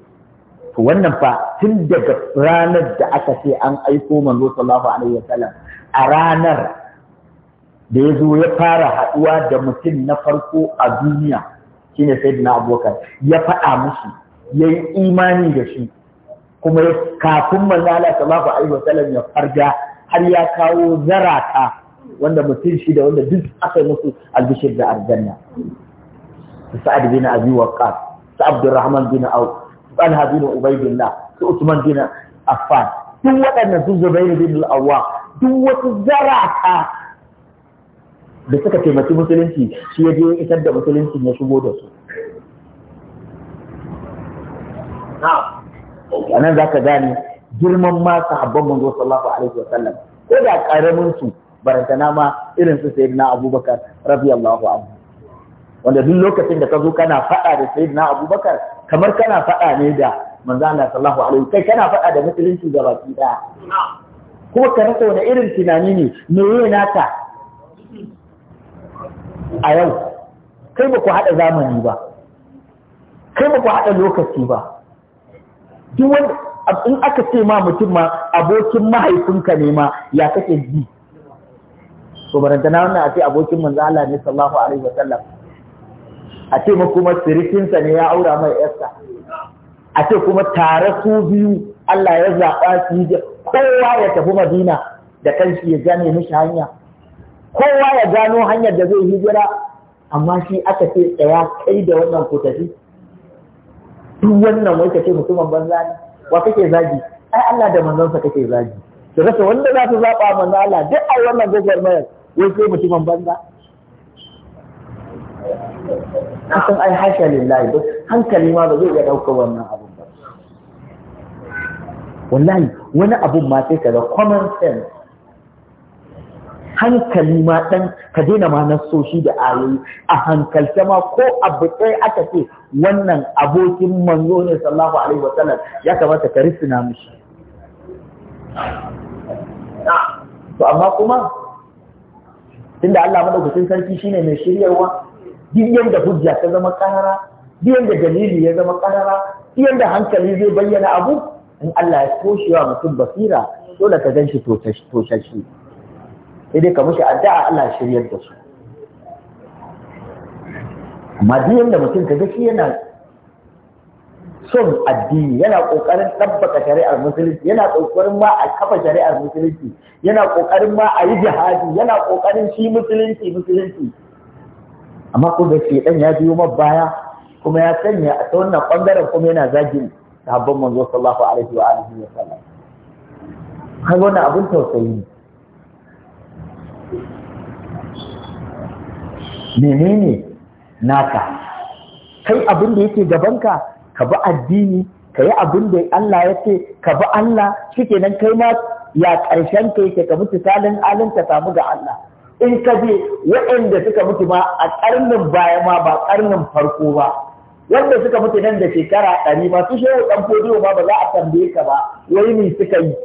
to wannan fa tun daga ranar da aka ce an aiko manzo sallallahu alaihi wasallam a ranar da ya zo ya fara haɗuwa da mutum na farko a duniya shine sayyidina abubakar ya faɗa musu ya yi imani da shi kuma kafin manzo sallallahu alaihi wasallam ya farga har ya kawo zarata wanda mutum shi da wanda duk aka musu albishir da aljanna sa'ad bin abi waqqas su Abdurrahman bin Auf Talha bin Ubaydillah su Usman bin Affan duk waɗannan su Zubair bin Awwa duk wasu zarata da suka taimaki musulunci shi ya je isar da musulunci ya shigo da su a nan za ka gane girman ma sahabban manzo sallallahu alaihi wa sallam ko da karamin su barantana ma irin su sayyidina abubakar radiyallahu anhu wanda duk lokacin da ka zo kana faɗa da sayyidina abubakar kamar kana faɗa ne da manzo Allah sallallahu alaihi kai kana faɗa da musulunci da baki daya kuma ka rasa wani irin tunani ne me yi naka a yau kai ba ku haɗa zamani ba kai ba ku haɗa lokaci ba duk wanda in aka ce ma mutum ma abokin mahaifinka ne ma ya kake ji to barantana wannan a ce abokin manzo Allah ne sallallahu alaihi wa sallam a ce ma kuma sirikinsa ne ya aura mai yarsa a ce kuma tare su biyu Allah ya zaɓa su yi kowa ya tafi Madina da kanshi ya gane mishi hanya kowa ya gano hanyar da zai hijira amma shi aka ce tsaya kai da wannan ku tafi duk wannan wai ka ce mutumin banza ne wa kake zagi ai Allah da manzonsa kake zagi to rasa wanda za su zaɓa manzo Allah duk a wannan gwagwarmayar wai sai mutumin banza kasan ai hasha lillahi ba hankali ma ba zai iya ɗaukar wannan abun ba wallahi wani abun ma sai ga common sense hankali ma ɗan ka daina ma nasoshi da ayoyi a hankalce ma ko abu ɗaya aka ce wannan abokin manzo ne sallallahu alaihi wa sallam ya kamata ka risina mishi to amma kuma tunda Allah madaukakin sarki shine mai shiryarwa duk da hujja ta zama ƙarara, duk da dalili ya zama ƙarara, duk da hankali zai bayyana abu in Allah ya toshe wa mutum basira dole ka ganshi toshashi sai dai ka mushi addu'a Allah ya shiryar da su amma duk da mutum ka gashi yana son addini yana kokarin ɗabbaka shari'ar musulunci yana kokarin ma a kafa shari'ar musulunci yana kokarin ma a yi jihadi yana kokarin shi musulunci musulunci amma ko da shedan ya biyo baya kuma ya sanya a ta wannan bangaren kuma yana zagin sahabban manzo sallallahu alaihi wa alihi wa sallam kai wannan abin tausayi ne menene naka kai abin da yake gaban ka bi addini ka yi abin da Allah ya ce ka bi Allah shikenan kai ma ya ƙarshen ka yake ka bi misalin alinka samu ga Allah in ka je waɗanda suka mutu ma a ƙarnin baya ma ba ƙarnin farko ba wanda suka mutu nan da shekara ɗari ba su shehu ɗan fodiyo ma ba za a tambaye ka ba wai ne suka yi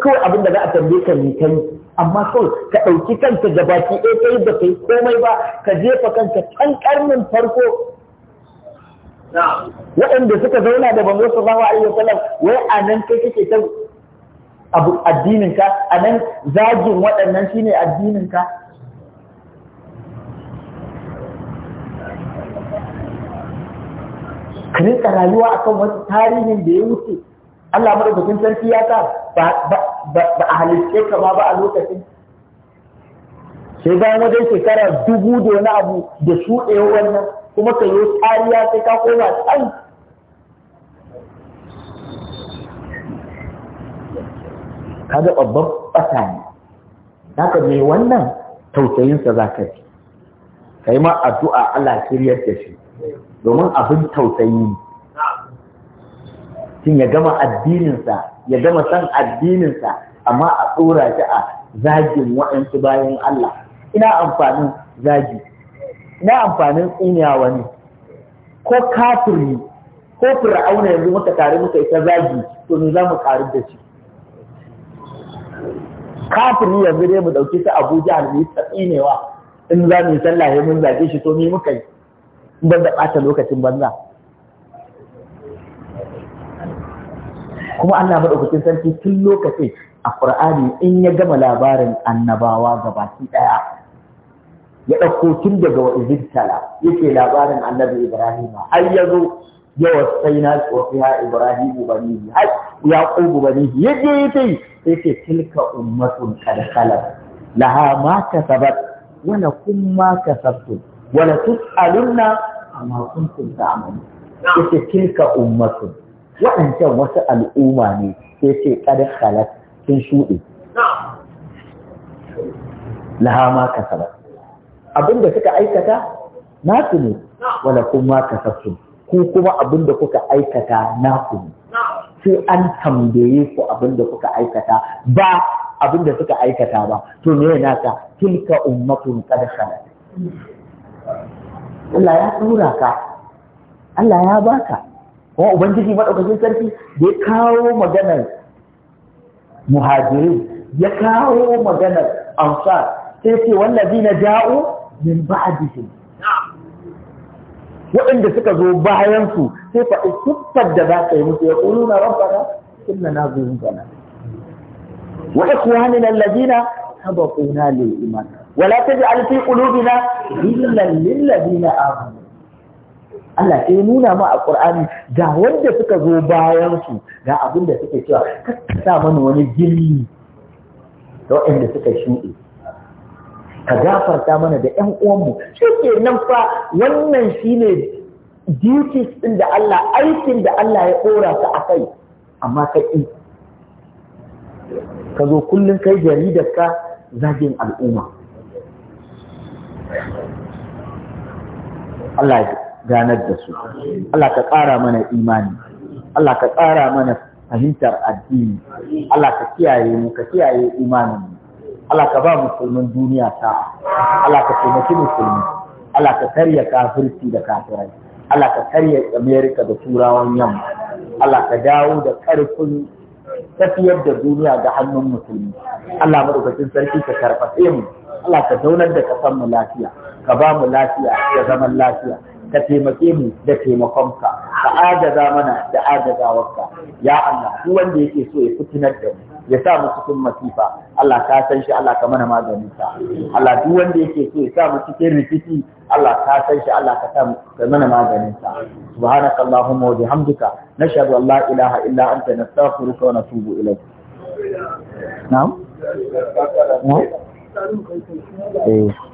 kai abin da za a tambaye ka ne kai amma kawai ka ɗauki kanka da baki ɗaya kai ba kai komai ba ka jefa kanka kan ƙarnin farko waɗanda suka zauna da bango sallallahu alaihi wasallam wai a nan kai kake ta abu addininka a nan zagin waɗannan shine addininka ka rayuwa rayuwa akan wasu tarihin da ya wuce Allah madaukakin sarki ya sa ba a halitta ka ba a lokacin sai bayan wajen shekara dubu da wani abu da shuɗe wannan kuma ka yi tsariya sai ka koma tsan kaga babban bata ne haka mai wannan tausayinsa za ka ji ka yi ma addu'a Allah kiryar da shi domin abin tausayi ne tun ya gama addininsa ya gama san addininsa amma a tsora shi a zagin waɗansu bayan Allah ina amfanin zagi ina amfanin tsiniya wani ko kafiri ko fir'auna yanzu muka tare muka ita zagi to ne za mu karu da shi kafiri yanzu dai mu dauke shi Abuja ne ta tsinewa in za mu yi sallah ya mun zage shi to ni muka yi ban da bata lokacin banza kuma Allah madaukakin sarki tun lokaci a Qur'ani in ya gama labarin annabawa gabaki daya ya ɗauko tun daga waizitala yake labarin annabi Ibrahim har yazo ya wasaina shi wa fiha ibrahimu banihi har yaqubu banihi yaje yace sai ce tilka ummatun qad khalat laha ma kasabat wa lakum ma kasabtum wa la tus'alunna amma kuntum ta'malun yace tilka ummatun waɗancan wasu al'umma ne sai ce qad sun shuɗe laha abinda suka aikata nasu ku kuma abin da kuka aikata naku sai an tambaye ku abin da kuka aikata ba abin da suka aikata ba to me ka tilka ummatun qad khalat Allah ya tura ka Allah ya baka kuma ubangiji madaukakin sarki da ya kawo maganar muhajirin ya kawo maganar ansar sai ce wallazina ja'u min ba'dihim waɗanda suka zo bayansu, sai faɗi siffar da za ka yi musu ya ƙulu na rabbana inna na zuwa bana wa ikwanina alladina sabaquna lil iman wala taj'al fi qulubina ghillan lil ladina amanu Allah sai nuna ma a Qur'ani ga wanda suka zo bayansu, su ga abin da suke cewa kar ka sa mana wani gilli da waɗanda suka shuɗe ka gafarta mana da ƴan uwanmu shi ke nan fa wannan shine duties ɗin da Allah aikin da Allah ya ɗora ka a kai amma ka ƙi ka zo kullum kai jaridar ka zagin al'umma Allah ya ganar da su Allah ka ƙara mana imani Allah ka ƙara mana fahimtar addini Allah ka kiyaye mu ka kiyaye imanin mu Allah ka ba musulmin duniya ta Allah ka taimaki musulmi Allah ka karya kafirci da kafirai Allah ka karya Amerika da turawan yamma Allah ka dawo da karfin tafiyar da duniya ga hannun musulmi Allah madaukakin sarki ka karfafe mu Allah ka zaunar da kasan mu lafiya ka ba mu lafiya da zaman lafiya ka taimake mu da taimakonka ka agaza mana da agazawarka ya Allah duk wanda yake so ya fitinar da mu ya sa mu cikin masifa Allah ka san shi Allah ka mana maganin sa Allah duk wanda yake so ya sa mu cikin rikici Allah ka san shi Allah ka sa mana maganin sa subhanaka allahumma wa bihamdika nashhadu an la ilaha illa anta nastaghfiruka wa natubu ilayk na'am eh